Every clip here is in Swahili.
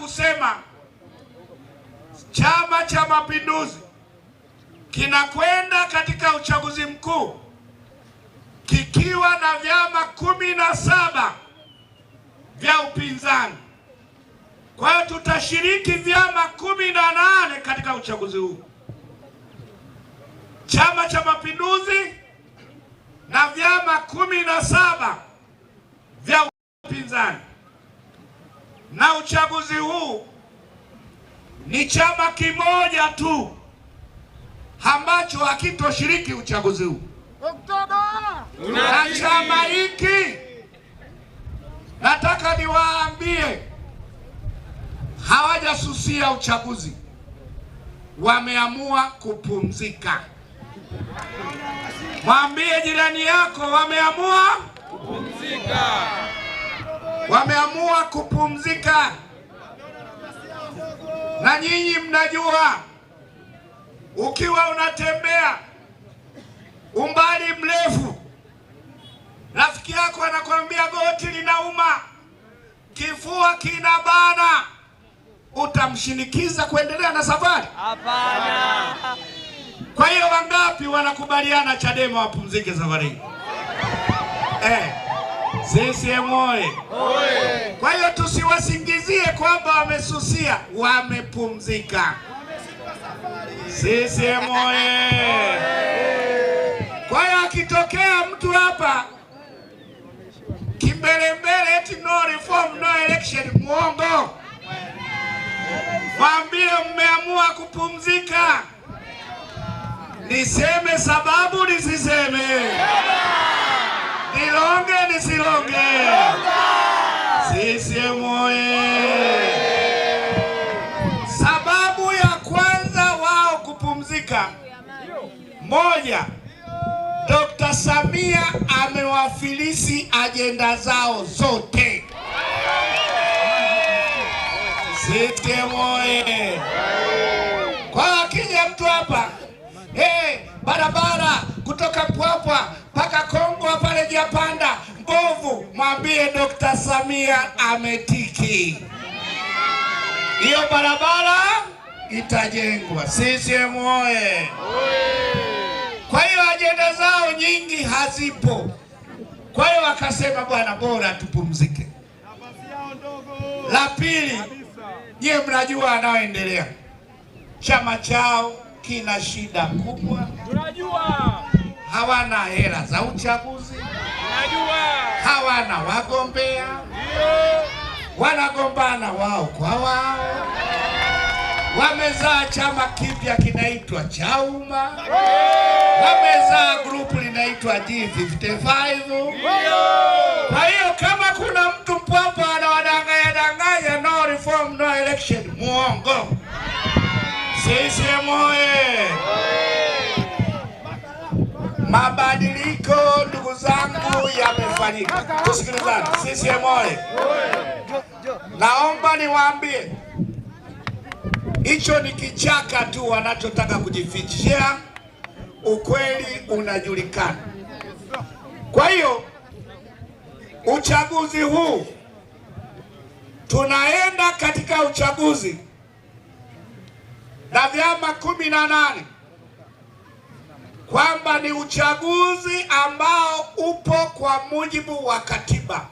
kusema Chama cha Mapinduzi kinakwenda katika uchaguzi mkuu kikiwa na vyama kumi na saba vya upinzani. Kwa hiyo tutashiriki vyama kumi na nane katika uchaguzi huu. Chama cha Mapinduzi na vyama kumi na saba vya upinzani na uchaguzi huu ni chama kimoja tu ambacho hakitoshiriki uchaguzi huu, na chama hiki nataka niwaambie, hawajasusia uchaguzi, wameamua kupumzika. Mwambie jirani yako wameamua kupumzika wameamua kupumzika, na nyinyi mnajua, ukiwa unatembea umbali mrefu, rafiki yako anakuambia goti linauma, kifua kinabana, utamshinikiza kuendelea na safari? Hapana. Kwa hiyo wangapi wanakubaliana Chadema wapumzike safari Eh. CCM oye! Kwa hiyo tusiwasingizie kwamba wamesusia, wamepumzika. CCM oye! Kwa hiyo akitokea mtu hapa kimbelembele eti no reform no election, muongo. Mwambie mmeamua kupumzika. Niseme sababu nisiseme? Nilonge nisilonge, CCM oyee! Sababu ya kwanza wao kupumzika, moja, Dr. Samia amewafilisi ajenda zao zote. CCM oyee! Kwa akija mtu hapa, hey, eh, barabara kutoka Mpwapwa hajapanda mbovu, mwambie Dr. Samia ametiki, hiyo barabara itajengwa. CCM oye! Kwa hiyo ajenda zao nyingi hazipo. Kwa hiyo wakasema, bwana, bora tupumzike. La pili, nyie mnajua anayoendelea chama chao kina shida kubwa, tunajua hawana hela za uchaguzi, hawana wagombea, wanagombana wao kwa wao. Wamezaa chama kipya kinaitwa Chauma, wamezaa grupu linaitwa G55. Kwa hiyo kama kuna mtu mpwapwa anawadanganya danganya, no reform no election, muongo. Sisi moye Mabadiliko ndugu zangu yamefanyika, tusikilizane. CCM oye! Naomba niwaambie hicho ni kichaka tu wanachotaka kujifichia, ukweli unajulikana. Kwa hiyo uchaguzi huu tunaenda katika uchaguzi na vyama kumi na nane kwamba ni uchaguzi ambao upo kwa mujibu wa katiba,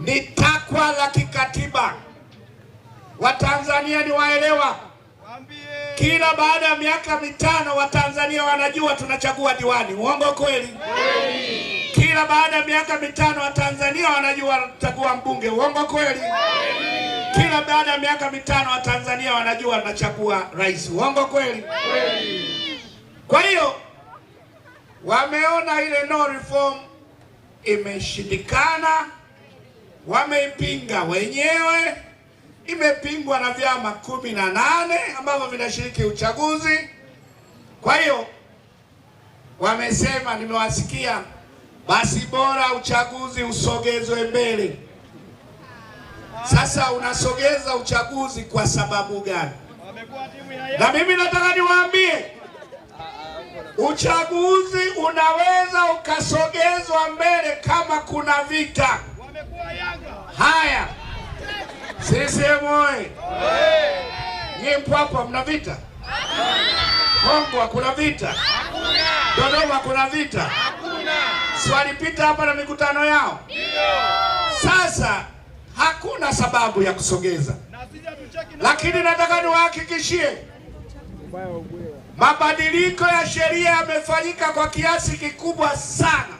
ni takwa la kikatiba. Watanzania ni waelewa, kila baada ya miaka mitano Watanzania wanajua tunachagua diwani. Uongo kweli? Kila baada ya miaka mitano Watanzania wanajua wanachagua mbunge. Uongo kweli? Kila baada ya miaka mitano Watanzania wanajua tunachagua rais. Uongo kweli? Kwa hiyo wameona ile no reform imeshindikana, wameipinga wenyewe, imepingwa na vyama kumi na nane ambavyo vinashiriki uchaguzi. Kwa hiyo wamesema, nimewasikia, basi bora uchaguzi usogezwe mbele. Sasa unasogeza uchaguzi kwa sababu gani? Na mimi nataka niwaambie Uchaguzi unaweza ukasogezwa mbele kama kuna vita. Haya, CCM oye! Nyie hapa, mna vita? Kongwa kuna vita? Dodoma kuna vita? pita hapa na mikutano yao. Sasa hakuna sababu ya kusogeza, lakini nataka niwahakikishie Mabadiliko ya sheria yamefanyika kwa kiasi kikubwa sana.